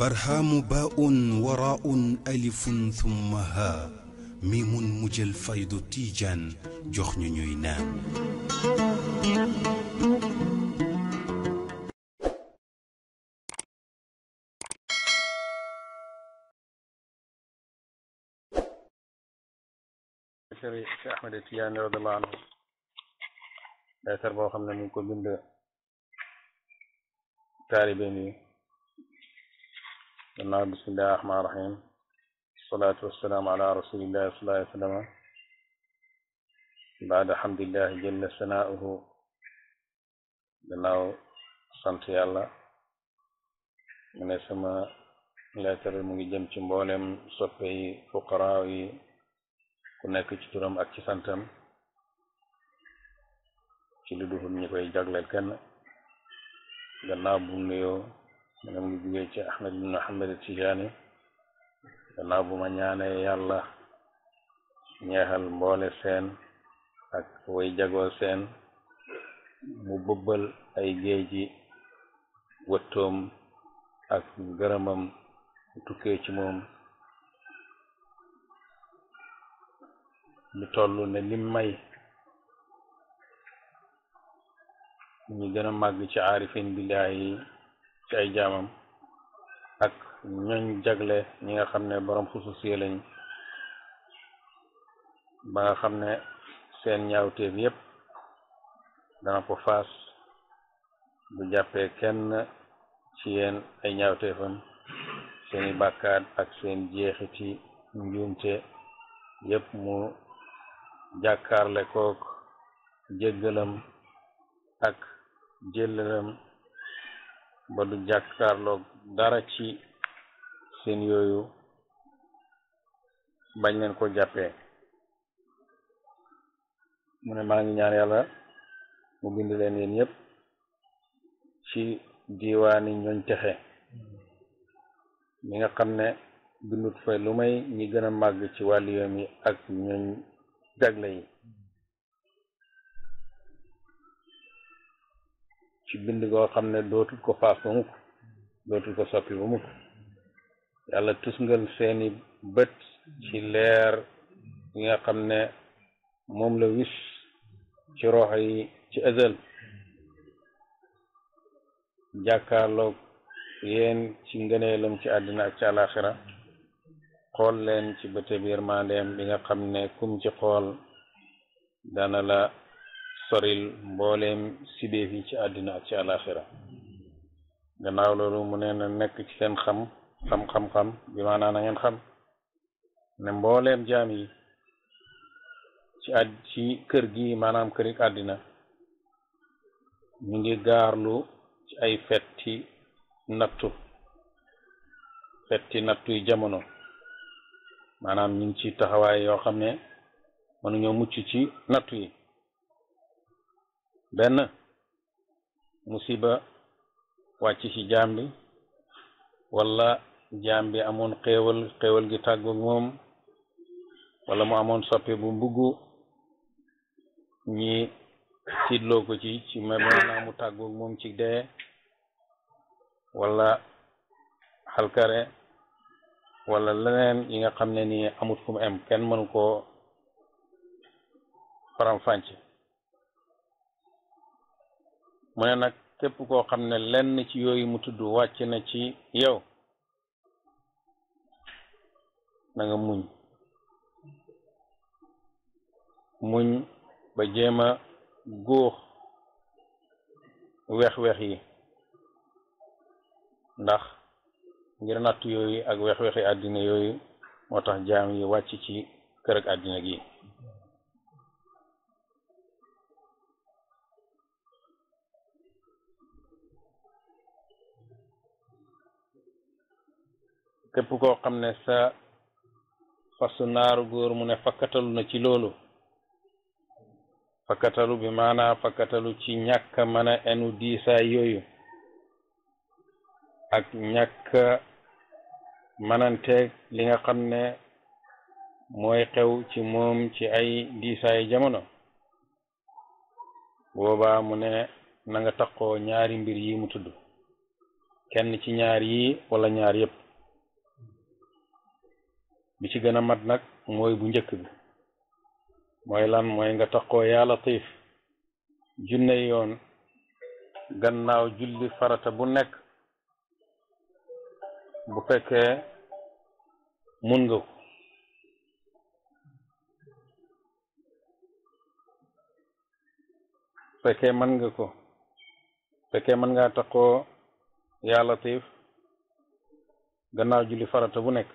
barhaamu baaun waraaun alifun thumma haa miimun mu jël faydu tiijaan jox ñu ñuy naan sëriñ Ahmada Tijaani radiyallaahu anhu leetar boo xam ne mu ngi ko bind taalibe mi بسم الله الرحمن الرحيم الصلاة والسلام على رسول الله صلى الله عليه وسلم بعد حمد الله جل ثناؤه جناو سنت يالا من سما لا تر موغي جيم سي مبولم سوبي فقراء وي كو نيك سي تورم اك سي سانتام سي لودو ني كاي جاغلال كن جناو بو نيو mu ne mu ngi jugee ci ahmed ibn ahmed tijaani gannaaw bu ma ñaanee yàlla ñeexal mboole seen ak way jagoo seen mu bëbbal ay géeji wëttoom ak gërëmam tukkee ci moom ñu lim may ñu gën a ci aarifin billaahi ci ay jaamam ak ñooñ jagle ñi nga xam ne borom xususiye lañ ba nga xam ne seen ñaawteef yépp dana ko faas bu jàppee kenn ci yéen ay ñaawteefam seeni bàkkaat ak seen jeexiti njuumte yépp mu jàkkaarle kook jéggalam ak jéllalam ba du jàkkaarloog dara ci seen yooyu bañ leen ko jàppee mu ne maa ngi ñaan yàlla mu bind leen yéen yëpp ci diiwaani ñooñ texe ñi nga xam ne bindut fa lu may ñi gën a màgg ci wàllu yi ak ñooñ jagle yi ci bind goo xam ne dootul ko faaf ba mukk dootul ko soppi ba mukk yàlla tusngal seeni bët ci leer yi nga xam ne moom la wis ci roxo yi ci ëzal jàkkaarloog yéen ci ngëneelam ci àddina ak ci àlaxira xool leen ci bëte biir maandeem bi nga xam ne kum ci xool dana la soril mbooleem sibeef yi ci àddina ak ci àlaxira gannaaw loolu mu nee na nekk ci seen xam xam-xam-xam bi maanaa na ngeen xam ne mbooleem jaam yi ci ad ci kër gi maanaam kërik àddina ñu ngi gaarlu ci ay fetti nattu fetti nattuy jamono maanaam ñu ngi ci taxawaay yoo xam ne mënuñoo mucc ci nattu yi benn musiba wàcc ci jaam bi wala jaam bi amoon xéewal xéewal gi tàggu moom wala mu amoon soppe bu mbuggu ñi tiitloo ci ci ma mu tàggu moom ci dee wala xalkare wala leneen yi nga xam ne nii amut fu mu kenn mënu koo faram mu ne nag tépp koo xam ne lenn ci yooyu mu tudd wàcc na ci yow na nga muñ muñ ba jéem a góox weex-weex yi ndax ngir natt yooyu ak weex-weexi àddina yooyu moo tax jaam yi wàcc ci kër ak àddina gi képp koo xam ne sa fasu naaru góor mu ne fakkatalu na ci loolu fakkatalu bi maana fakkatalu ci ñàkk mën a enu diisaay yooyu ak ñàkk mënanteeg li nga xam ne mooy xew ci moom ci ay diisaay jamono boobaa mu ne na nga taqoo ñaari mbir yi mu tudd kenn ci ñaar yi wala ñaar yépp bi ci gën a mat nag mooy bu njëkk bi mooy lan mooy nga taxoo yaa latif junne yoon gannaaw julli farata bu nekk bu fekkee mun nga ko fekkee mën nga ko fekkee mën ngaa taxoo yaa latif gannaaw julli farata bu nekk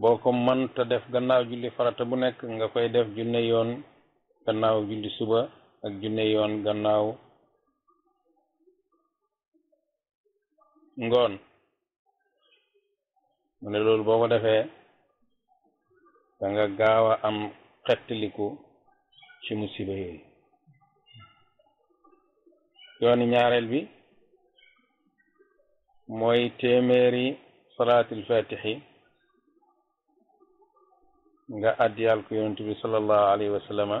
boo ko mënta def gannaaw julli farata bu nekk nga koy def junne yoon gannaaw julli suba ak junne yoon gannaaw ngoon mu ne loolu boo ko defee da nga gaaw a am xettiliku ci musiba yooyu yoonu ñaareel bi mooy téeméeri salaatul fatixi nga addiyal ko yonent bi sallallahu alayhi wa sallama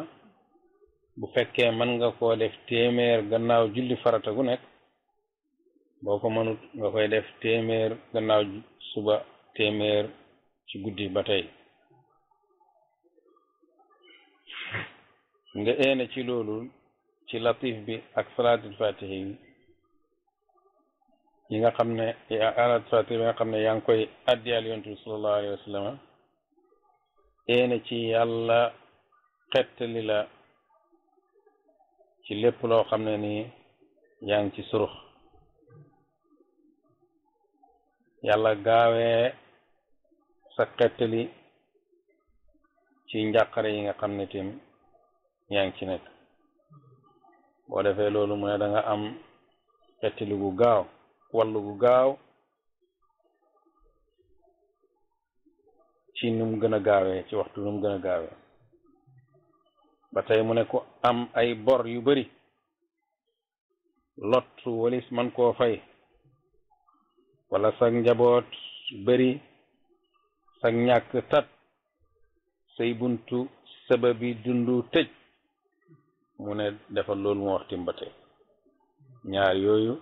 bu fekkee mën nga koo def téeméer gannaaw julli farata gu nekk boo ko mënut nga koy def téeméer gannaaw suba téeméer ci guddi ba tey nga eena ci loolu ci latif bi ak salaatul fatihi yi nga xam ne salaatul fatihi bi nga xam ne yaa ngi koy addiyal yonent bi sallallahu alayhi yéene ci yàlla xettali la ci lépp loo xam ne ni yaa ngi ci surux yàlla gaawe sa xettali ci njàqare yi nga xam ne tim yaa ngi ci nekk boo defe loolu mu ne nga am xettali gu gaaw wallu gu gaaw ci num gën a gaawee ci waxtu num gën a gaawee ba tey mu ne ko am ay bor yu bëri lot walis man koo fay wala sag njaboot bëri sag ñàkk tat say buntu sabab yi dund tëj mu ne defal loolu mu waxtim ba tey ñaar yooyu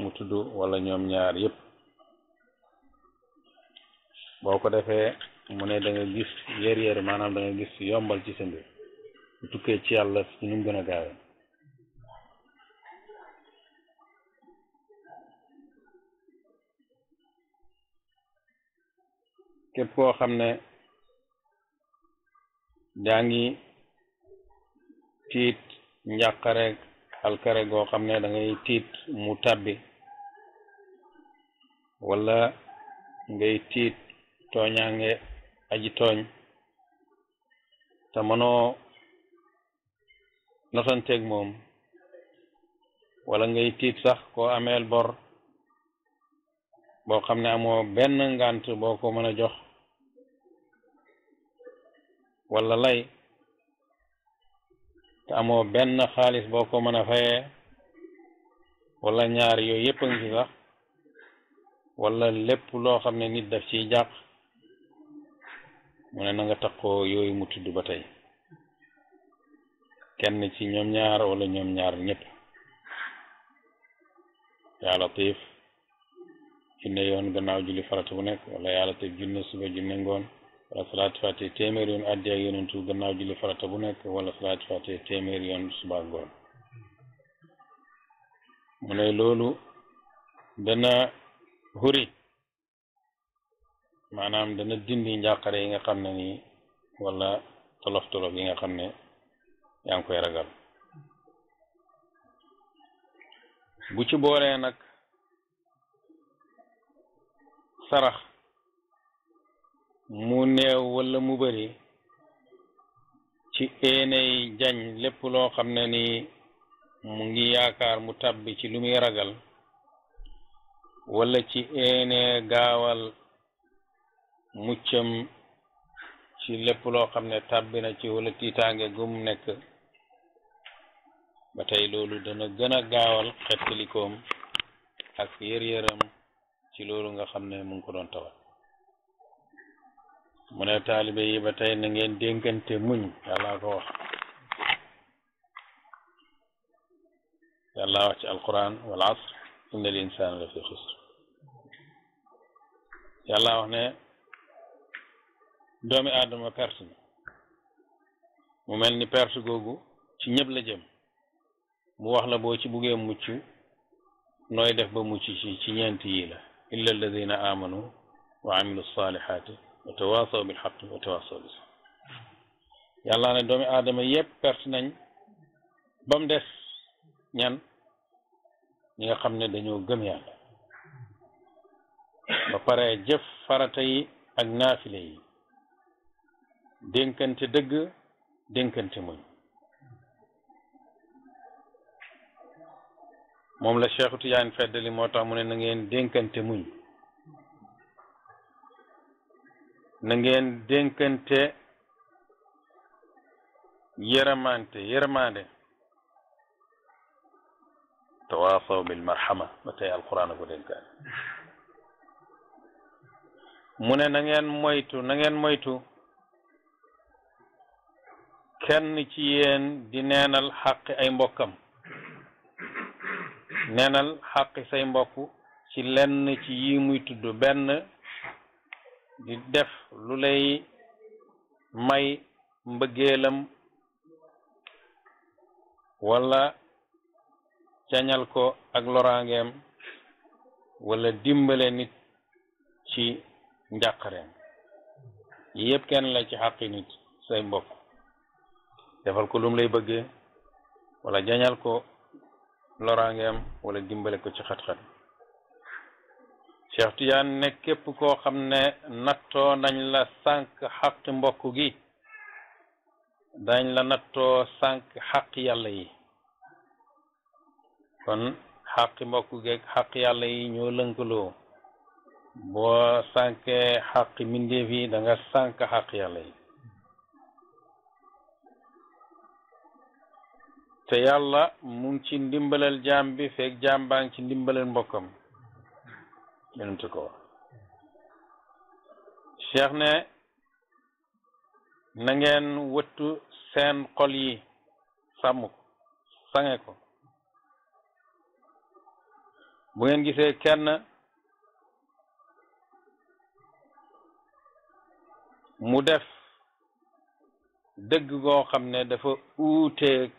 mu tudd wala ñoom ñaar yépp boo ko defee mu ne da gis yéer yéer maanaam da nga gis yombal ci sa mbir ci yàlla ci nu gën a gaawe képp koo xam ne daa ngi tiit njàqare alkare goo xam ne dangay ngay tiit mu tàbbi wala ngay tiit tooñaange aji tooñ te mënoo notanteeg moom wala ngay tiit sax koo ameel bor boo xam ne amoo benn ngant boo ko mën a jox wala lay te amoo benn xaalis boo ko mën a fayee wala ñaar yooyu yëpp a ngi ci sax wala lépp loo xam ne nit daf ciy jàq mune na nga takkoo yooyu mu tudd ba tey kenn ci ñoom ñaar wala ñoom ñaar ñëpp yaa latif junne yoon gannaaw julli farata bu nekk wala yaa latif junne suba junne ngoon wala salaatu fatee téeméer yoon addi ak yonentu gannaaw julli farata bu nekk wala salaatu fatee téeméer yoon suba ngoon mu ne loolu dana huri maanaam dana dindi njàqare yi nga xam ne nii wala tolof tolof yi nga xam ne yaa ngi koy ragal bu ci booree nag sarax mu néew wala mu bëri ci eeney jañ lépp loo xam ne ni mu ngi yaakaar mu tàbbi ci lu muy ragal wala ci eenee gaawal muccam ci lépp loo xam ne tàbbi na ci wala tiitaange gum nekk ba tey loolu dana gën a gaawal xettalikoom ak yër-yëram ci loolu nga xam ne mu ngi ko doon tawal mu ne taalibe yi ba tey na ngeen dénkante muñ yàlla ko wax yàlla wax ci alquran wal asr inna al insana la fi wax ne doomi aadama perte na mu mel ni perte googu ci ñëpp la jëm mu wax la boo ci buggee mucc nooy def ba mucc ci ci ñeent yii la illa alladina amanu wa amilu salihati wa tawasaw bil xaq wa tawasaw doomi aadama yëpp perte nañ ba mu des ñan ñi nga xam ne dañoo gëm yàlla ba pare jëf farata yi ak naafile yi dénkante dëgg dénkante muñ moom la Cheikh Tidiane feddali moo tax mu ne na ngeen dénkante muñ na ngeen dénkante yërëmante yërëmande tawaasaw bil marxama ba tey alquran ko dénkaan mu ne na ngeen moytu na ngeen moytu kenn ci yéen di neenal xaqi ay mbokkam neenal xaqi say mbokk ci lenn ci yi muy tudd benn di def lu lay may mbëggeelam wala cañal ko ak loraangeem wala dimbale nit ci njàqareem yépp kenn la ci xaqi nit say mbokk defal ko lu lay bëggee wala jañal ko loraangeem wala dimbale ko ci xat-xat Cheikh Tidiane ne képp koo xam ne natto nañ la sànq xaqi mbokk gi dañ la nattoo sànq xaqi yàlla yi kon xaqi mbokk geeg xaqi yi ñoo lënkaloo bo sank xaqi mbindeef yi da nga sànq yi yàlla mu ci ndimbalal jaam bi feeg jaam ci ndimbalal mbokkam yonent ko wax cheikh na ngeen wëttu seen xol yi sàmm ko ko bu ngeen gisee kenn mu def dëgg goo xam ne dafa uuteeg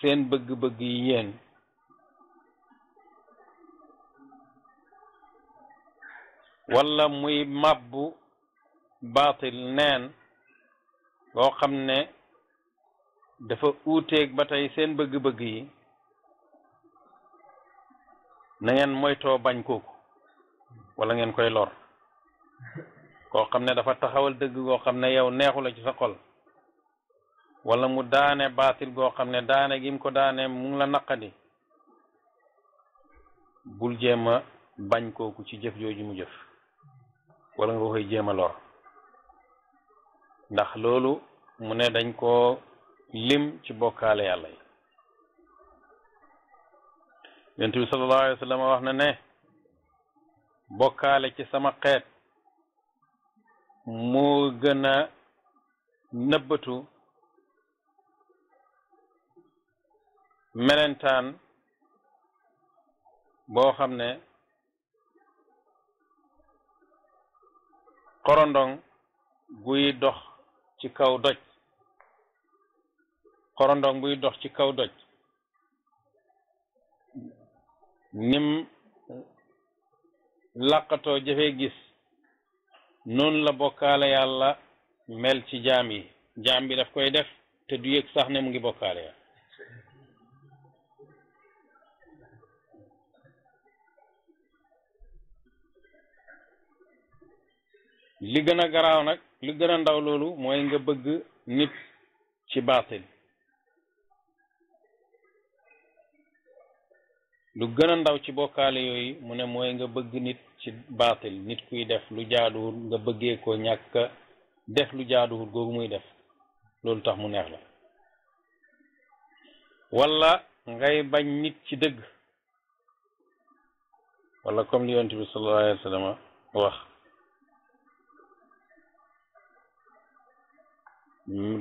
seen bëgg-bëgg yi yéen walla muy màbbu baatil neen boo xam ne dafa uuteeg ba tey seen bëgg-bëgg yi na ngeen moytoo bañ kooku walla ngeen koy lor koo xam ne dafa taxawal dëgg koo xam ne yow neexu la ci sa xol wala mu daane baatil goo xam ne daane gim ko daane mu la naqadi bul jéem bañ kooku ci jëf jooju mu jëf walla nga koy jéem a lor ndax loolu mu ne dañ koo lim ci bokkaale yàlla yi yonent bi sallallahu wax na ne bokkaale ci sama xeet mu gën a nëbbatu melentaan boo xam ne xorondong buy dox ci kaw doj xorondong buy dox ci kaw doj nim làqatoo jafe gis noonu la bokkaale yàlla mel ci jaam yi jaam bi daf koy def te du yëg sax ne mu ngi bokkaale yàlla li gën a garaaw nag li gën a ndaw loolu mooy nga bëgg nit ci baatil lu gën a ndaw ci bokkaale yooyu mu ne mooy nga bëgg nit ci baatil nit kuy def lu jaaduwul nga bëggee ko ñàkk def lu jaaduwul googu muy def loolu tax mu neex la walla ngay bañ nit ci dëgg walla comme li yonent bi sallallahu alayhi wa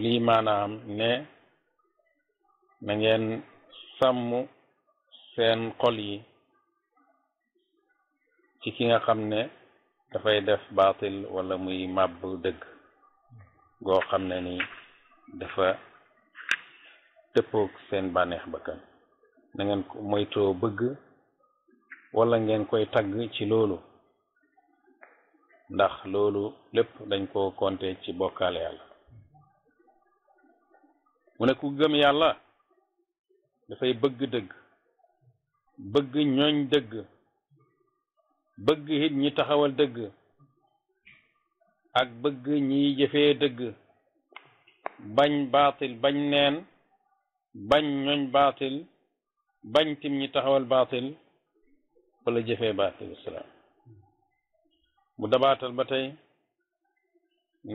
lii maanaam ne na ngeen sàmm seen xol yi ci ki nga xam ne dafay def baatil wala muy màbb dëgg goo xam ne ni dafa dëppoog seen bànneex bakkan na ngeen ko moytoo bëgg wala ngeen koy tagg ci loolu ndax loolu lépp dañ koo konte ci bokkaale yàlla mu ne ku gëm yàlla dafay bëgg dëgg bëgg ñooñ dëgg bëgg it ñi taxawal dëgg ak bëgg ñiy jëfee dëgg bañ baatil bañ neen bañ ñooñ baatil bañ tim ñi taxawal baatil wala jëfee baatil islam dabaatal ba tey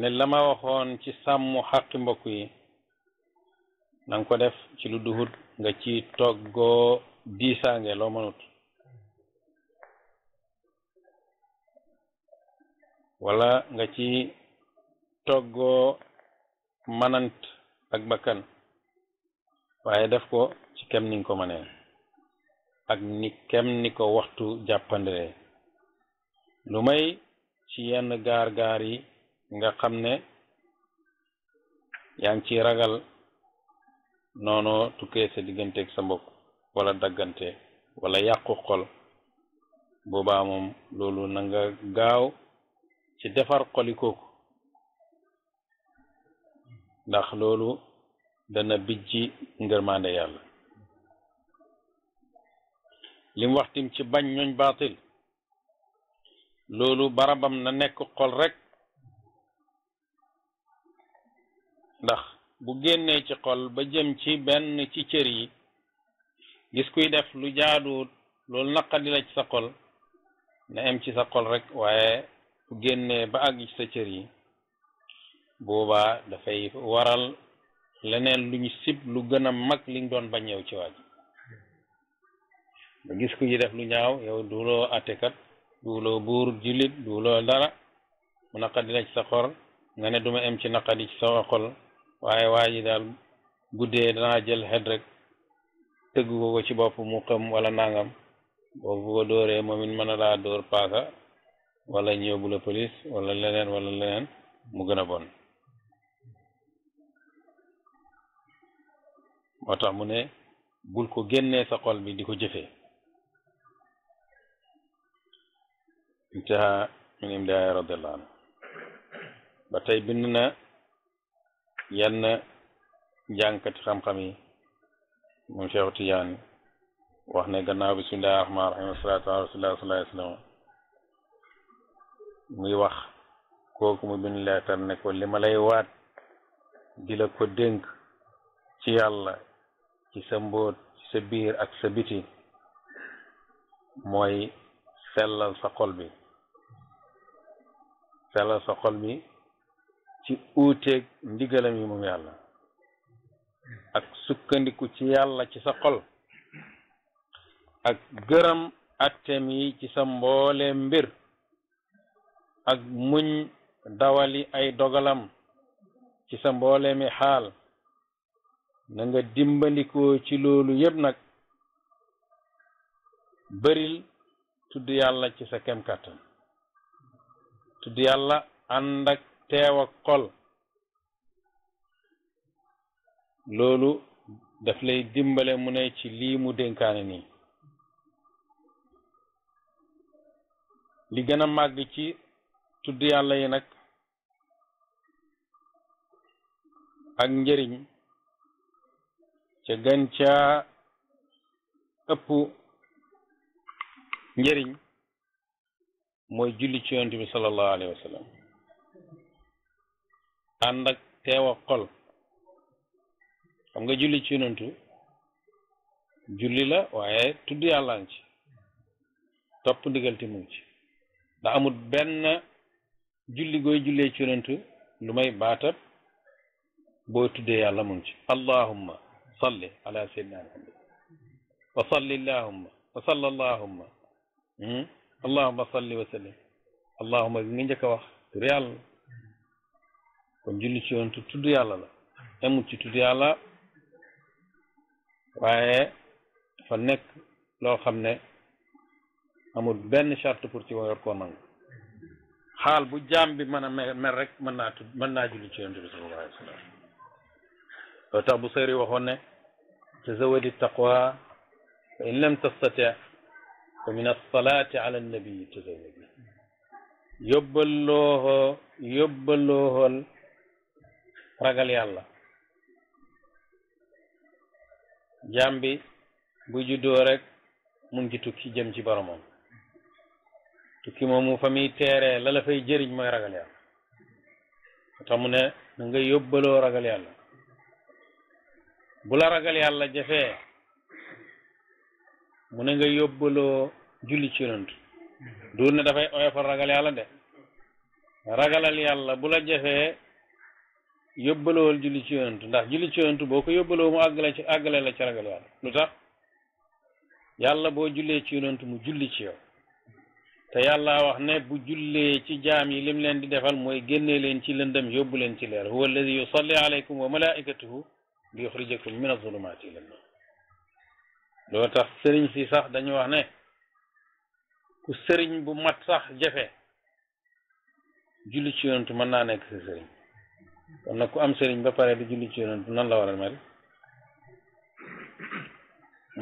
ne la ma waxoon ci sàmm xaqi mbokk yi na ko def ci lu duhut nga ci toggoo diisaange loo mënut wala nga ci toggoo manant ak bakkan waaye def ko ci kem ni nga ko mënee ak ni kem ni ko waxtu jàppandee lu may ci yenn gaar gaar yi nga xam ne yaa ngi ci ragal noonu tukkee sa digganteeg sa mbokk walla daggante walla yàqu xol boobaa moom loolu na gaaw ci defar xoli kooku ndax loolu dana bijji ngërmaande yàlla lim waxtim ci bañ ñooñ baatil loolu barabam na nekk xol rek ndax bu génnee ci xol ba jëm ci benn ci cër yi gis kuy def lu jaaduwut loolu naqadi la ci sa xol na em ci sa xol rek waaye bu génnee ba àgg ci sa cër yi boobaa dafay waral leneen lu ñu sib lu gën a mag liñ doon bañ yow ci waaj ba gis ku ci def lu ñaaw yow duuloo atekat loo buur jullit loo dara bu naqadi la ci sa xol nga ne duma em ci naqadi ci sa xol waaye waa ji daal guddee danaa jël xet rek tëgg ko ci bopp mu xëm wala nangam boobu bu ko moom it mën a laa dóor paaka wala ñu yóbbu la police wala leneen wala leneen mu gën a bon moo tax mu ne bul ko génnee sa xol bi di ko jëfee intaha min imdaaya radiallahu anhu ba tey bind na yenn jàngkati xam-xam yi moom Cheikh Tidiane wax ne gannaaw bismillahi rahmaani rahiim wasalaatu ala rasulillah sallallahu alayhi wa sallam muy wax kooku mu bind leetar ne ko li ma lay waat di la ko dénk ci yàlla ci sa mbóot ci sa biir ak sa biti mooy sellal sa xol bi sellal sa xol bi ci uuteeg ndigalam moom yàlla ak sukkandiku ci yàlla ci sa xol ak gërëm atteem yi ci sa mboole mbir ak muñ dawali ay dogalam ci sa mboole mi xaal na nga dimbandikoo ci loolu yëpp nag bëril tudd yàlla ci sa kem kàttan tudd yàlla ànd ak teew ak loolu daf lay dimbale mu ne ci lii mu dénkaane nii li gën a màgg ci tudd yàlla yi nag ak njëriñ ca gën ëpp njëriñ mooy julli ci yonent bi sallallahu alayhi wa sallam ànd ak teew ak nga julli ci yonantu julli la waaye tudd yàlla ci topp ndigal ti mu ngi ci ndax amul benn julli gooy jullee ci yonantu baatab boo tuddee yàlla mu ngi ci allahumma salli ala sayyidina muhammad wa salli allahumma wa salli allahumma hmm? allahumma salli wa sallim allahumma bi nga njëkk wax tur yàlla kon julli ci yonent tudd yàlla la emut ci tudd yàlla waaye dafa nekk loo xam ne amul benn charte pour ci war koo nangu xaal bu jaam bi mën a mer rek mën naa tudd mën naa julli ci yonent bi sallallahu alayhi wa sallam loolu tax bu sëri waxoon ne tazawadi taqwa fa in lam tastati fa min alsalaati ala annabii tazawadi yóbbalooxoo yóbbalooxool ragal yàlla jaam bi bu juddoo rek mu ngi ci tukki jëm ci boromam tukki moomu fa muy la la fay jëriñ mooy ragal yàlla tax mu na nga yóbbaloo ragal yàlla bu la ragal yàlla jafee mu ne nga yóbbaloo julli ci yonent du ne dafay oyofal ragal yàlla de ragalal yàlla bu la jafee yóbbalowal julli ci yonantu ndax julli ci yonantu boo ko yóbbaloo mu àggale ci àggale la ci ragal lu tax yàlla boo jullee ci yonantu mu julli ci yow te yàlla wax ne bu jullee ci jaam yi lim leen di defal mooy génnee leen ci lëndëm yóbbu leen ci leer huwa alladi yusalli alaykum wa malaikatuhu li yuxrijakum min azulumaati ila nur loo tax sëriñ si sax dañu wax ne ku sëriñ bu mat sax jafe julli ci yonantu mën naa nekk si sëriñ kon nag ku am sëriñ ba pare di julli ci yonent nan la war a mel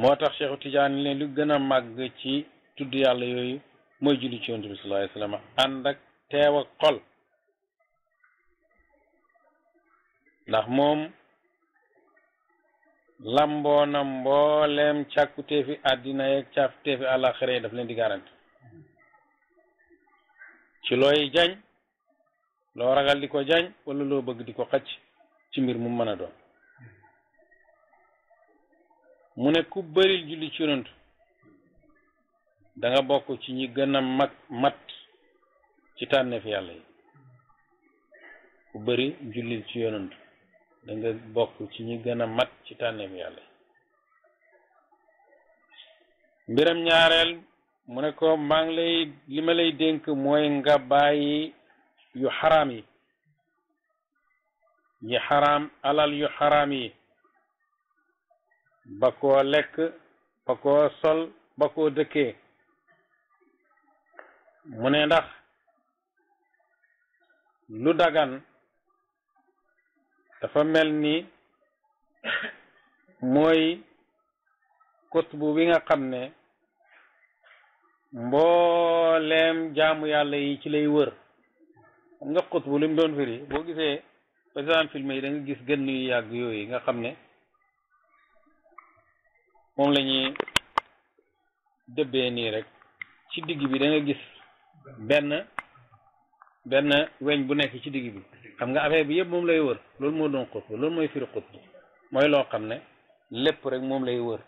moo tax Cheikhu Tidiane ne lu gën a mag ci tudd yàlla yooyu mooy julli ci yonent bi sallallahu alayhi wa ànd ak teew ak xol ndax moom lamboo na mbooleem càkkuteefi àddina yeeg càkkuteefi àllaaxira yi daf leen di garanti ci looy jañ loo ragal di ko jaañ wala loo bëgg di ko xacc ci mbir mu mën a doon mu ne ku bëril julli ci yonantu da bokk ci ñi gën a mag mat ci tànneef yàlla yi ku bëri jullil ci yonantu da bokk ci ñi mbiram ñaareel mu ne ko maa lay li ma lay dénk mooy nga bàyyi yu xaram yi yi xaraam alal yu xaram yi ba koo lekk ba koo sol ba koo dëkkee mu ne ndax lu dagan dafa mel ni mooy kutbu bi nga xam ne mbooleem jaamu yàlla yi ci lay wër xam nga xutbu li mu doon firi boo gisee par filme yi da nga gis gën yu yàgg yooyu nga xam ne moom la dëbbee nii rek ci digg bi da gis benn benn weñ bu nekk ci digg bi xam nga affaire bi yëpp moom lay wër loolu moo doon xutbu loolu mooy firi xutbu mooy loo xam ne lépp rek moom lay wër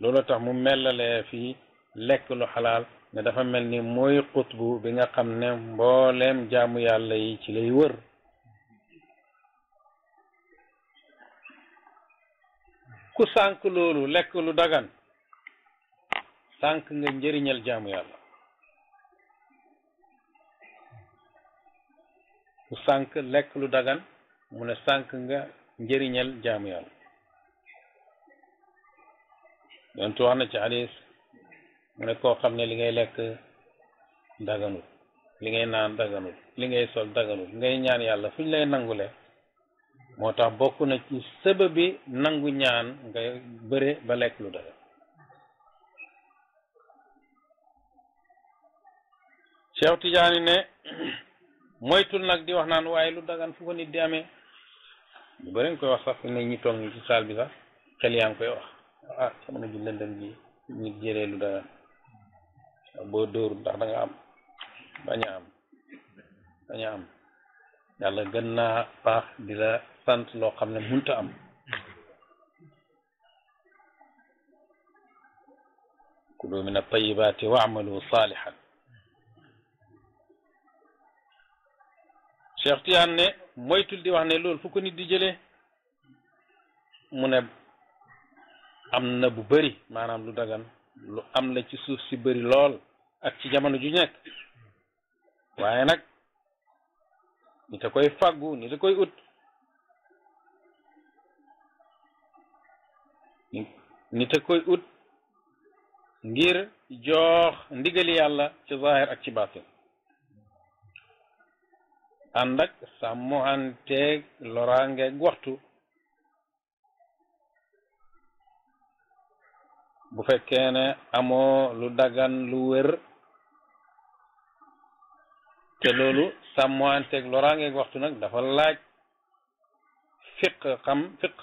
loolu tax mu mellalee fii lekk lu xalaal ne dafa mel ni mooy xutbu bi nga xam ne mbooleem jaamu yàlla yi ci lay wër ku sànk loolu lekk lu dagan sànk nga njëriñal jaamu yàlla ku sànk lekk lu dagan mu ne sànk nga njëriñal jaamu yàlla yontu wax na ci hadis mu ne koo xam ne li ngay lekk daganul li ngay naan daganul li ngay sol daganul ngay ñaan yàlla fu ñu lay nangule moo tax bokk na ci sëba bi nangu ñaan nga bëre ba lekk lu dagan Cheikh Tidiane ne moytul nag di wax naan waaye lu dagan fu ko nit di amee ñu bëri nga koy wax sax ne ñi toog ci saal bi sax xel yaa ngi koy wax ah sama na ji lëndëm ji nit jëlee lu dagan ndax boo dóorul ndax da am bañ a am bañ a am yàlla gën naa baax di la sant loo xam ne munta am kulu min at-tayyibaati wa'malu saalihan Cheikh Tiyaan ne moytul di wax ne loolu fu ko nit di jëlee mu ne am na bu bëri maanaam lu dagan lu am la ci suuf si bëri lool ak ci jamono ju nekk waaye nag nit a koy fàggu nit a koy ut nit a koy ut ngir joox ndigali yàlla ci zahir ak ci baatin ànd ak sàmmuhanteeg loraangeeg waxtu bu fekkee ne lu dagan lu wër te loolu sàmmanteeg loraangeeg waxtu nag dafa laaj fiq xam fiq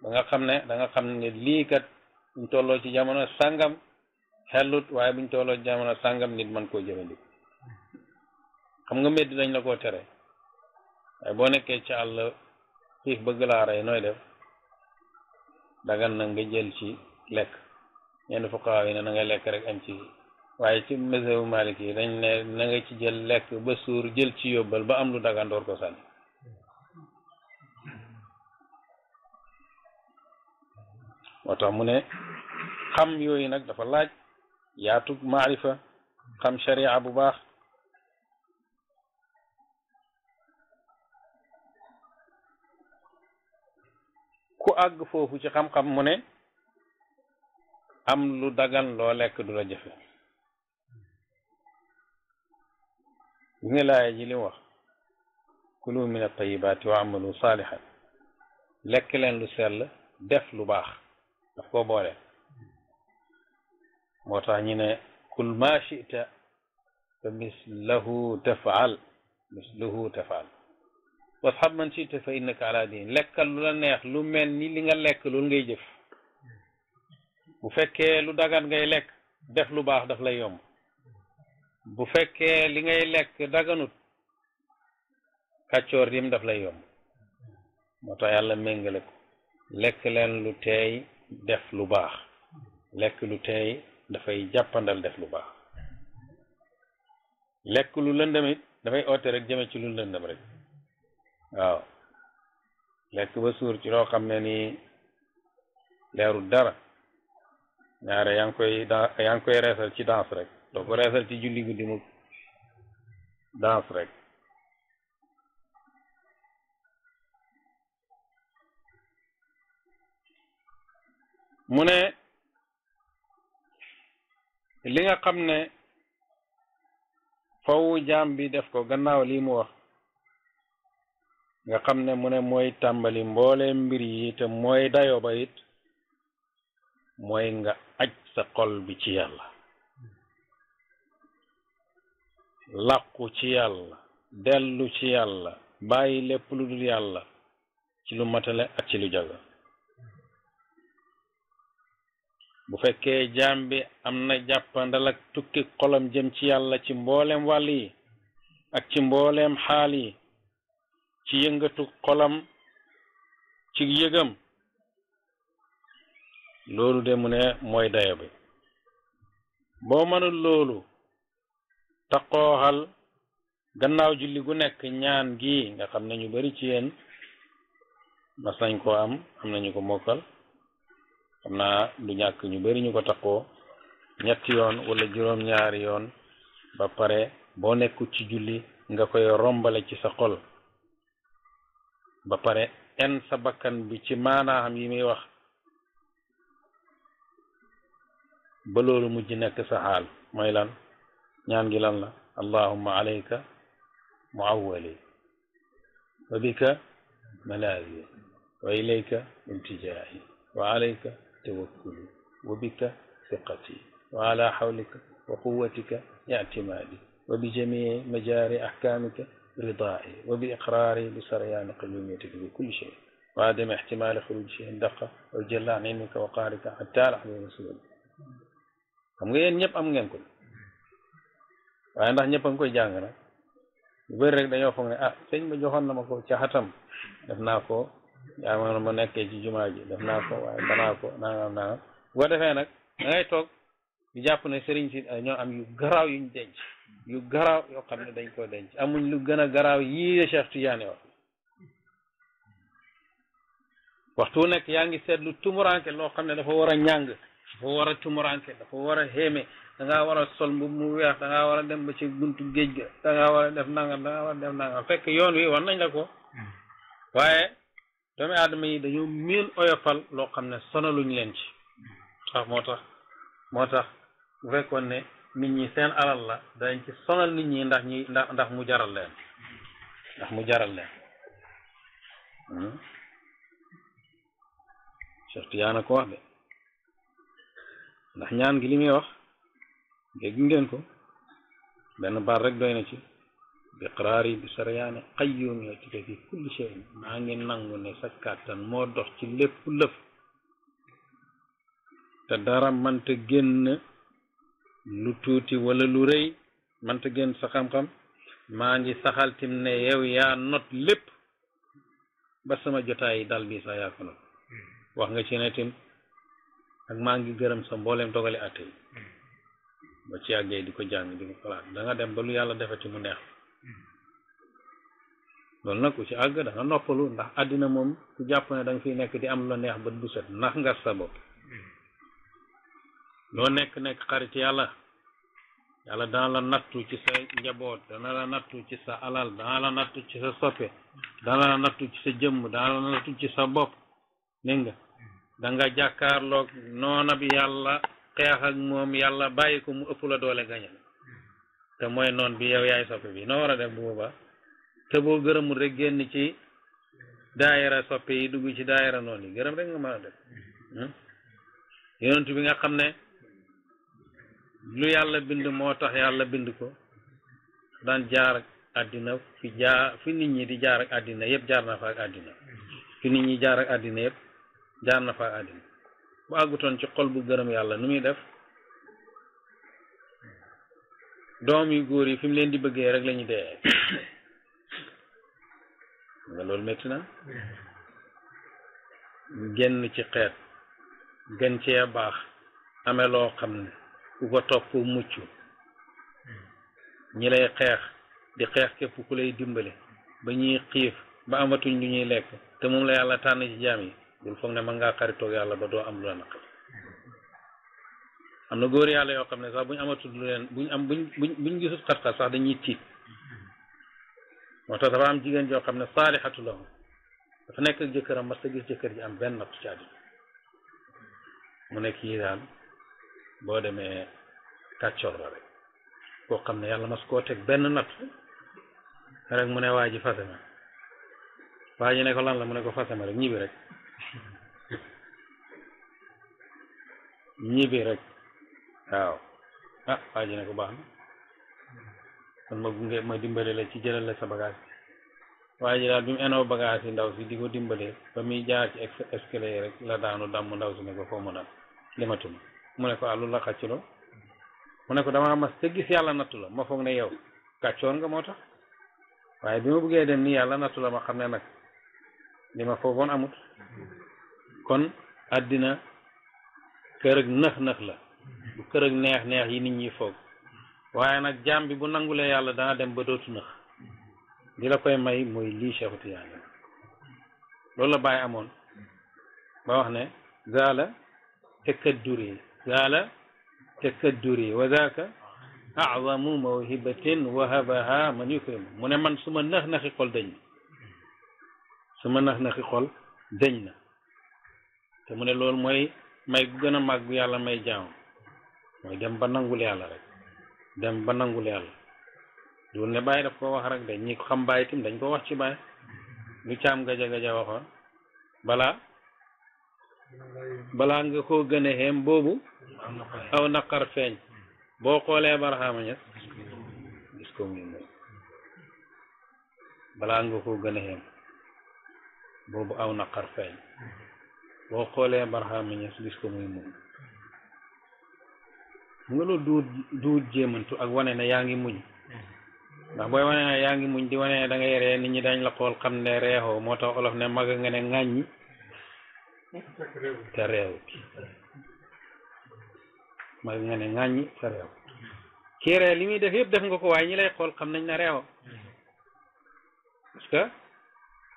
ba nga xam ne danga xam nit lii kat buñ tolloo ci jamono sàngam xellut waaye buñ tolloo ci jamono sàngam nit man koo jëfandikoo xam nga mbedd dañ la koo tere waaye boo nekkee ci àll xiif bëgg laa rey nooy def daga na nga jël ci lekk ñenn fuqaaw yi ne na nga lekk rek am ci waaye ci mesewu malik yi dañ ne na nga ci jël lekk ba suur jël ci yóbbal ba am lu dagandoor ko sànni moo mu ne xam yooyu nag dafa laaj yaatu maarifa xam sharia bu baax ku àgg foofu ci xam-xam mu ne am lu daggan loo lekk du la jëfe bi nga laaya ji li wax kulu min at-tayyibaati wa amalu saalihan lekk leen lu sell def lu baax daf ko boole moo tax ñu ne kul maa chita fa mislahu tafaal mislahu tafaal xam man chita fa innaka ala diin lekkal lu la neex lu mel ni li nga lekk lool ngay jëf bu fekkee lu dagan ngay lekk def lu baax daf lay yomb bu fekkee li ngay lekk daganut kàccoor yim daf lay yoon moo tax yàlla méngale ko lekk leen lu teey def lu baax lekk lu teey dafay jàppandal def lu baax lekk lu lëndëm it dafay oote rek jëme ci lu lëndëm rek waaw lekk ba suur ci loo xam ne nii leerul dara ñaare yaa ngi koy da yaa ngi koy reesal ci danse rek doo ko reesal ci julli guddi mukk dans rek mu ne li nga xam ne faw jaam bi def ko gannaaw lii mu wax nga xam ne mu ne mooy tàmbali mboole mbir yi te mooy dayo ba it mooy nga aj sa xol bi ci yàlla làqu ci yàlla dellu ci yàlla bàyyi lépp lu dul yàlla ci lu matale ak ci lu jaga bu fekkee jaam bi am na jàppandal ak tukki xolam jëm ci yàlla ci mbooleem wàll yi ak ci mbooleem xaal yi ci yëngatu xolam ci yëgam loolu de mu ne mooy daya bi boo mënul loolu taqooxal gannaaw julli gu nekk ñaan gi nga xam ne ñu bari ci yéen mas nañ koo am am nañu ko mokkal xam naa du ñàkk ñu bari ñu ko taqoo ñetti yoon walla juróom-ñaari yoon ba pare boo nekkut ci julli nga koy rombale ci sa xol ba pare en sa bakkan bi ci maanaa yi muy wax ba loolu mujj nekk sa xaal mooy lan نعم gi lan la allahumma alayka muawwali wa bika malaabi wa ilayka ثقتي وعلى حولك وقوتك اعتمادي وبجميع مجاري أحكامك رضائي وبإقراري بسريان قيوميتك بكل شيء وعدم احتمال خروج شيء دقة وجلع عن علمك وقارك حتى لحظة رسولك هم غير نيب أم غير كل waaye ndax ñëpp a koy jàng nag bëri rek dañoo foog ne ah sëñ ma joxoon na ma ko ca xatam def naa ko yaa ma ma nekkee ci jumaa ji def naa ko ko boo defee nag da ngay toog di jàpp eh, garaaw yuñ denc yu yoo xam ne dañ ko denc amuñ lu gën a garaaw yii Cheikh Tidiane wax nekk yaa ngi seetlu tumuranke loo xam ne dafa war a ñàng dafa war a tumuranke dafa war a xéeme da war a sol mbubb mu weex da ngaa war a dem ba ci buntu géej ga da ngaa war a def nangam fekk yoon wi war nañ la ko waaye doomi aadama yi dañoo miin oyofal loo xam ne sonaluñ leen ci waaw moo tax moo tax bu fekkoon ne nit ñi seen alal la dañ ci sonal nit ñi ndax mu jaral leen ndax mu jaral leen surtout yaa na ko wax de ndax ñaan gi li muy wax dégg ngeen ko benn baat rek doy na ci bi xaraari bi sariyaane xayyum ya ci fi kulli shay maa ngi nangu ne sa kàttan moo dox ci lépp lëf te dara mënta génn lu tuuti walla lu rëy mënta génn sa xam-xam maa ngi saxaltim ne yow yaa not lépp ba sama jotaay dal bi sax yaa ko not hmm. wax nga ci ne tim ak maa ngi gërëm sa mbooleem dogale atte ba ci yàggee di ko jàng di ko xalaat da nga dem ba lu yàlla defe mu neex loolu nag ku ci àgg da noppalu ndax àddina moom ku jàpp ne da nga nekk di am la neex bët bu set ndax nga sa bopp loo nekk nekk xarit yàlla yàlla dana la nattu ci sa njaboot dana la nattu ci sa alal dana la nattu ci sa soppe dana la nattu sa jëmm dana ci sa bopp noona bi yàlla xeex ak moom yàlla bàyyi ko mu ëpp la doole gañe te mooy noon bi yow yaay soppi bi noo war a def bu boobaa te boo gërëmul rek génn ci daayira soppi yi dugg ci daayira noon yi gërëm rek nga mën def hmm? yonent bi nga xam ne lu yàlla bind moo tax yàlla bind ko daan jaar ak àddina fi jaar fi nit ñi di jaar ak àddina yëpp jaar na fi nit jaar ak àddina ak àddina bu àggutoon ci xol bu gërëm yàlla nu muy def doom yu góor yi fim leen di bëggee rek la ñu dee nga loolu métti na génn ci xeet gën cee baax amee loo xam ne ku ko topp mucc ñi lay xeex di xeex képp ku lay dimbale ba ñuy xiif ba amatuñ lu ñuy lekk te moom la yàlla tànn ci jaam yi bul foog ne man ngaa xaritoog yàlla ba doo am lu la naqari am na góor yàlla yoo xam ne sax buñ amatul lu leen buñ am buñ buñ buñ gisut xat-xat sax dañuy tiit moo tax dafa am jigéen joo xam ne saalixatu la dafa nekk ak jëkkëram mas ta gis jëkkër ji am benn natt ci mu nekk yii daal boo demee kàccoor la rek koo xam ne yàlla mas koo teg benn natt rek mu ne waa ji fase ma waa ji ne ko lan la mu ne ko fase ma rek ñibbi rek ñibi rek waaw ah waa ji ko baax na kon ma gunge ma dimbale la ci jëlal la sa bagage waa ji daal bi mu enoo bagage ndaw si di ko dimbale ba muy jaar ci escalier rek la daanu damm ndaw si ne ko foo li ma limatuma mu ne ko ah lu la xàccloo mu ne ko damaa mas te gis yàlla nattu la ma foog ne yow kàccoon nga moo tax waaye bi ma bëggee dem nii yàlla nattu la ma xam ne nag li ma foogoon amut kon àddina kër ak nëx nëx la du kër ak neex neex yi nit ñi foog waaye nag jaam bi bu nangulee yàlla dana dem ba dootu nëx li la koy may mooy lii Cheikhu Tijaani loolu la bàyyi amoon ba wax ne zaala takadduri zaala takadduri wa zaaka azamu mawhibatin wahabaha man yukrimu mu ne man su ma nëx nëxi xol dañ na su ma nax naxi xol deñ na te mu ne loolu mooy may gu gën a mag bu yàlla may jaam mooy dem ba nangul yàlla rek dem ba nangul yàlla dul ne bàyyi daf ko wax rek de ñi xam bàyyi tim dañ ko wax ci bàyyi lu caam gaja gaja waxoon balaa balaa nga koo gën a boo xoolee barxaama ko muy koo gën a xeem boobu aw naqar feeñ boo xoolee Barhama Niass gis ko muy muñ mu nga loolu duut duut jéemantu ak wane na yaa ngi muñ ndax booy wane ne yaa ngi muñ di wane ne da ngay ree nit ñi dañ la xool xam ne reexoo moo tax olof ne mag nga ne ŋàññi te réew ne ŋàññi te réew kii ree li muy def yëpp def nga ko waaye ñi lay xool xam nañ ne reexoo parce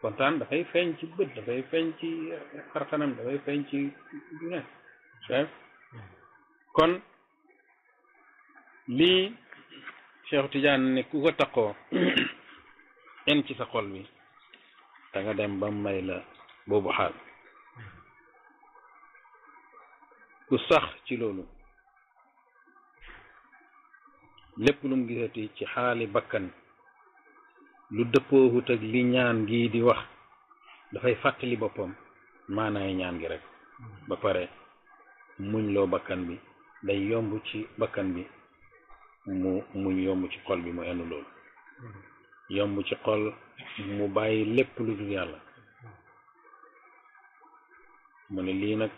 kontaan dafay feeñ ci bët dafay feeñ ci xarxanam dafay feeñ ci du kon lii Cheikh Tidiane ne ku ko takkoo en ci sa xol bi danga dem ba mu may la boobu xaal ku sax ci loolu lépp lu mu gisati ci xaali bakkan lu dëppoowut ak li ñaan gi di wax dafay fàttali boppam maanaay ñaan gi rek ba pare muñ loo bakkan bi day yomb ci bakkan bi mu muñ yomb ci xol bi mu enu loolu yomb ci xol mu bàyyi lépp lu dul yàlla mu ne lii nag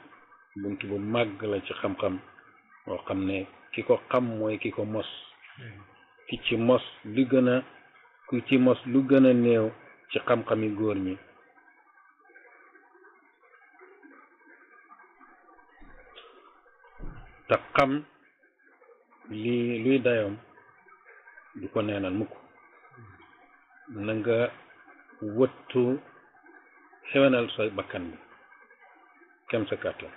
bunt bu màgg la ci xam-xam boo xam ne ki ko xam mooy ki ko mos ki ci mos li gën a ku ci mos lu gën a néew ci xam-xami góor ñi te xam li luy dayoom du ko neenal mukk na nga wëttu xewenal sa bakkan bi kem sa kàttan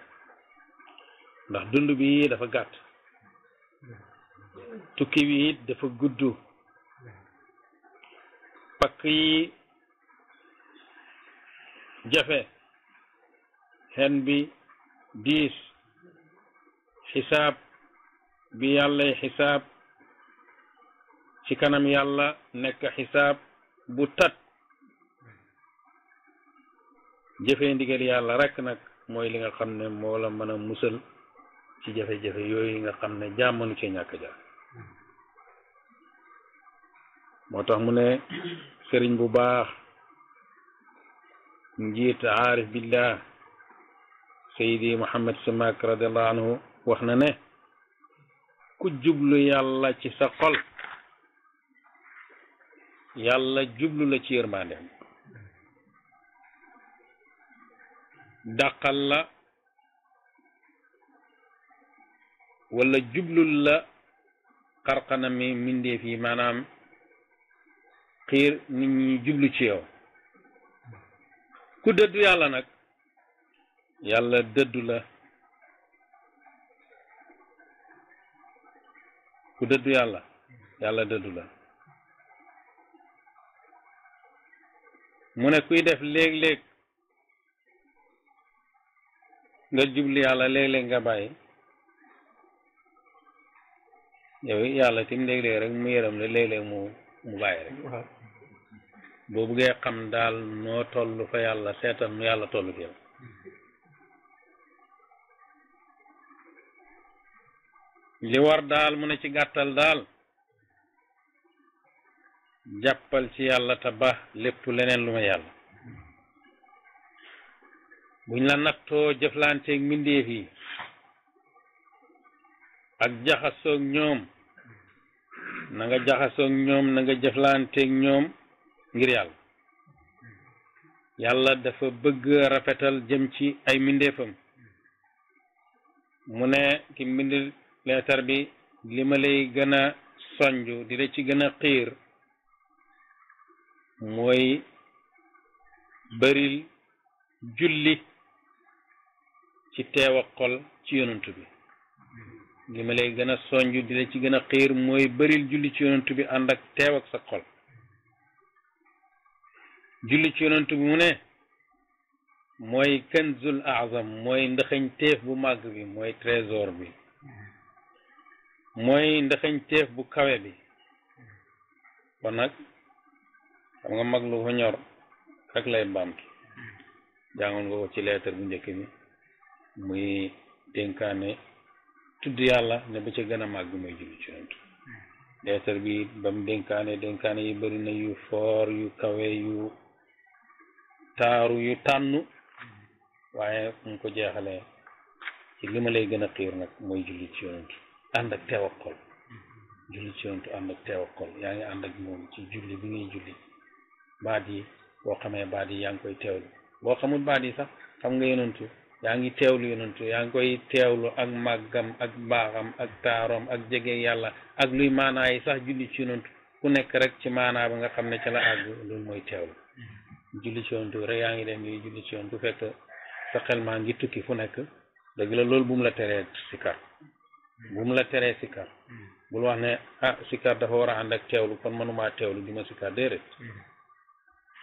ndax dund bi dafa gàtt tukki bi dafa gudd pakk yi jafe xen bi diis xisaab bi yàlla yàllay xisaab ci kanam yàlla nekk xisaab bu tat jëfee ndigal yàlla rekk nag mooy li nga xam ne moo la mën a musal ci jafe-jafe yooyu nga xam ne jàmmanu ci ñàkk jaar moo tax mu ne sëriñ bu baax njiit aarif billah sayidi muhammad simak radiallahu anhu wax na ne ku jublu yàlla ci sa xol yàlla jublu la ci yërmandeem dàqal la wala jublul la xarxanami mbindeef yi maanaam xiir nit ñi jublu ci yow ku dëddu yàlla nag yàlla dëddu la ku dëddu yàlla yàlla dëddu la mu ne kuy def léeg-léeg nga jublu yàlla léeg-léeg nga bàyyi yow yàlla tim léeg-léeg rek mu yërëm la léeg mu mu boo buggee xam daal noo toll fa yàlla seetal nu yàlla toll fi yow li war daal mu ne ci gàttal daal jàppal ci yàlla te ba lépp leneen lu ma yàlla buñ la nattoo jëflanteeg mbindeef yi ak jaxasoog ñoom nanga nga jaxasoog ñoom na jëflanteeg ñoom ngir yàlla yàlla dafa bëgg rafetal jëm ci ay mbindeefam mu ne ki mbind leetar bi li ma lay gën a sonju di la ci gën a xiir mooy bëril julli ci teew a xol ci yonent bi li ma lay gën a sonju di la ci gën a xiir mooy bëril julli ci yonent bi ànd ak teew sa xol julli ci bi mu ne mooy kanzul azam mooy ndaxañ teef bu màgg bi mooy trésor bi mooy ndaxañ teef bu kawe bi kon nag xam nga mag lu ko ñor rek lay mbaamtu jàngoon nga ko ci leetar bu njëkk bi muy dénkaane tudd yàlla ne ba ca gën a màgg mooy julli ci leetar bi ba mu dénkaane dénkaane yi bëri na yu foor yu kawe yu taaru yu tànn waaye mu ko jeexale ci li ma lay gën a xiir nag mooy julli ci yonantu ànd ak teew ak xol julli ci yonantu ànd ak teew ak yaa ngi ànd ak moom ci julli bi ngay julli baat yi boo xamee baat yi yaa ngi koy teewlu boo xamul baat yi sax xam nga yonantu yaa ngi teewlu yonantu yaa ngi koy teewlu ak màggam ak baaxam ak taaroom ak jege yàlla ak luy maanaa yi sax julli ci yonantu ku nekk rek ci maanaa bi nga xam ne ca la àgg loolu mooy teewlu julli ci yonent bi rek yaa ngi dem yi julli ci yoon bu fekk sa xel maa ngi tukki fu nekk dëgg la loolu bu mu la teree sikar bu mu la teree sikar bul wax ne a ah, sikar dafa war a ànd ak teewlu kon mënumaa teewlu di ma sikar déedéet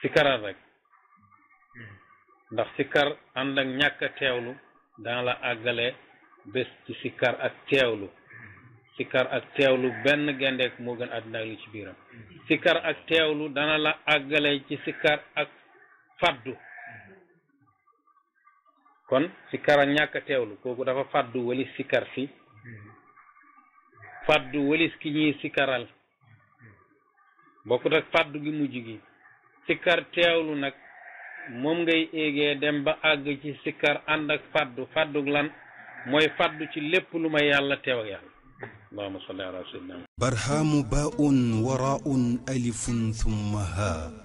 sikaral rek ndax sikar ànd ak ñàkk a teewlu dana la àggale bés ci sikar ak teewlu sikar ak teewlu benn gendeek moo gën àddina ak li ci biiram sikar ak teewlu dana la àggale ci sikar ak faddu kon sikkar ñàkk teewlu kooku dafa faddu walis sikkar si faddu walis ki ñuy sikkaral bokkut ak faddu gi mujj gi sikkar teewlu nag moom ngay éegee dem ba àgg ci sikkar ànd ak faddu fadduk lan mooy faddu ci lépp lu ma yàlla teew ak yàlla barhamu baun waraun alifun thumma ha